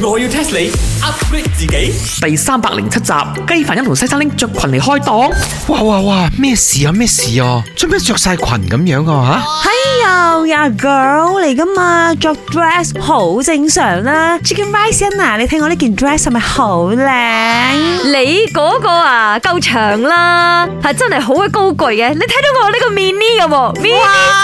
我要 test 你 upgrade 自己。第三百零七集，雞飯一同西山拎着裙嚟開檔。哇哇哇，咩事啊咩事啊？做咩着晒裙咁樣噶、啊、吓？哎呀呀 girl 嚟噶嘛，着 dress 好正常啦。Chicken Rice In 啊，Anna, 你睇我呢件 dress 係咪好靚？ 你嗰個啊夠長啦，係、啊、真係好鬼高貴嘅。你睇到我呢個 mini 有冇、啊？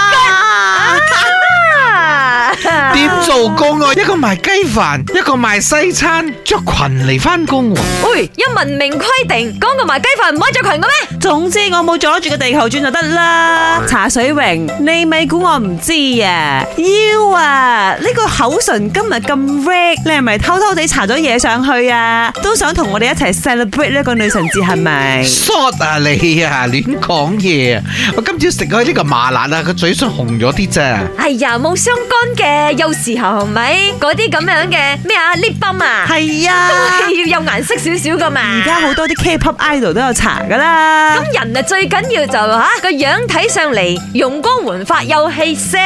點做個愛？一個賣雞飯，一個賣西餐，着裙嚟翻工喎。喂，有文明規定講過賣雞飯唔可以着裙嘅咩？總之我冇阻住個地球轉就得啦。茶水榮，你咪估我唔知呀？妖啊，呢個口唇今日咁 red，你係咪偷偷地搽咗嘢上去啊？都想同我哋一齊 celebrate 呢個女神節係咪？short 啊你啊，亂講嘢！我今朝食開呢個麻辣啊，個嘴唇紅咗啲啫？哎呀，冇相干。嘅，有時候係咪？嗰啲咁樣嘅咩啊？lip bump 啊，係啊，都係要有顏色少少噶嘛。而家好多啲 K pop idol 都有搽噶啦。咁人啊，最緊要就吓個樣睇上嚟容光煥發又氣色，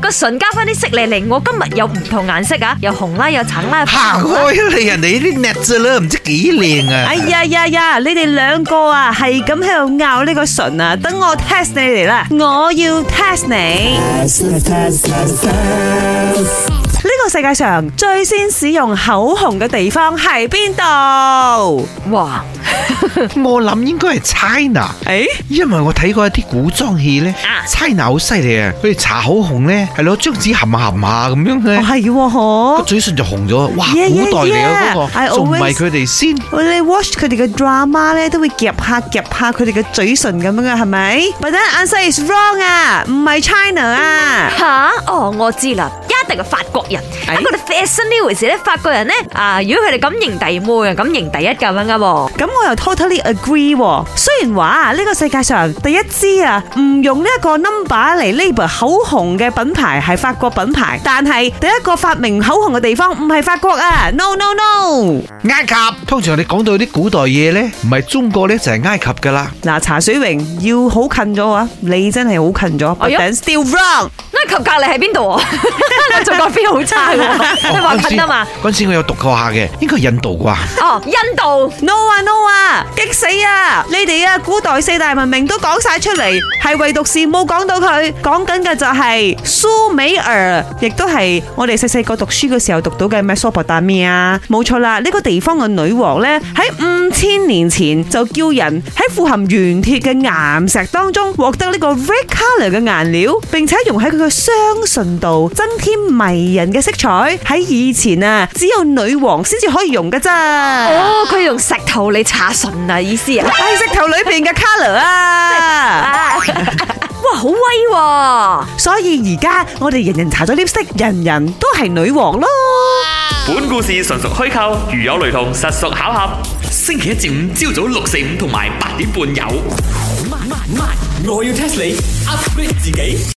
個唇加翻啲色嚟嚟，我今日有唔同顏色啊，又紅啦，又橙啦，行開嚟人哋啲日子啦，唔知幾靚啊！哎呀呀呀，你哋兩個啊，係咁喺度拗呢個唇啊，等我 test 你嚟啦，我要 test 你。呢個世界上最先使用口紅嘅地方係邊度？哇！我諗應該係 China，誒，因為我睇過一啲古裝戲咧，China 好犀利啊，佢哋搽口紅咧係攞張紙含下含下咁樣嘅，係嘅嗬，個嘴唇就紅咗，哇，古代嚟啊嗰個，仲唔係佢哋先？你 watch 佢哋嘅 drama 咧都會夾下夾下佢哋嘅嘴唇咁樣噶，係咪？But the answer is wrong 啊，唔係 China 啊，吓？哦，我知啦。定係法國人喺我哋 fashion 呢回事咧，法國人咧啊，如果佢哋咁認第二，咁認第一咁樣噶，咁我又 totally agree。雖然話啊，呢個世界上第一支啊唔用一個 number 嚟 label 口紅嘅品牌係法國品牌，但係第一個發明口紅嘅地方唔係法國啊，no no no，埃及。通常你講到啲古代嘢咧，唔係中國咧就係埃及噶啦。嗱，茶水榮要好近咗啊，你真係好近咗，but you're still wrong。埃及隔籬喺邊度？就覺得 feel 好差喎，都話近啊嘛。嗰陣時我有讀過下嘅，應該係印度啩。哦，印度，No 啊 No 啊，激死啊！你哋啊，古代四大文明都講晒出嚟，係唯獨是冇講到佢。講緊嘅就係蘇美爾，亦都係我哋細細個讀書嘅時候讀到嘅咩美索不達米亞，冇錯啦。呢個地方嘅女王咧，喺五千年前就叫人喺富含原鐵嘅岩石當中獲得呢個 red colour 嘅顏料，並且用喺佢嘅雙唇度增添。迷人嘅色彩喺以前啊，只有女王先至可以用嘅啫。哦，佢用石頭嚟搽唇啊，意思啊，係 石頭裏邊嘅 color 啊。 哇，好威啊！所以而家我哋人人搽咗啲色，人人都係女王咯。本故事純屬虛構，如有雷同，實屬巧合。星期一至五朝早六四五同埋八點半有。Oh, my, my, my. 我要 test 你，upgrade 自己。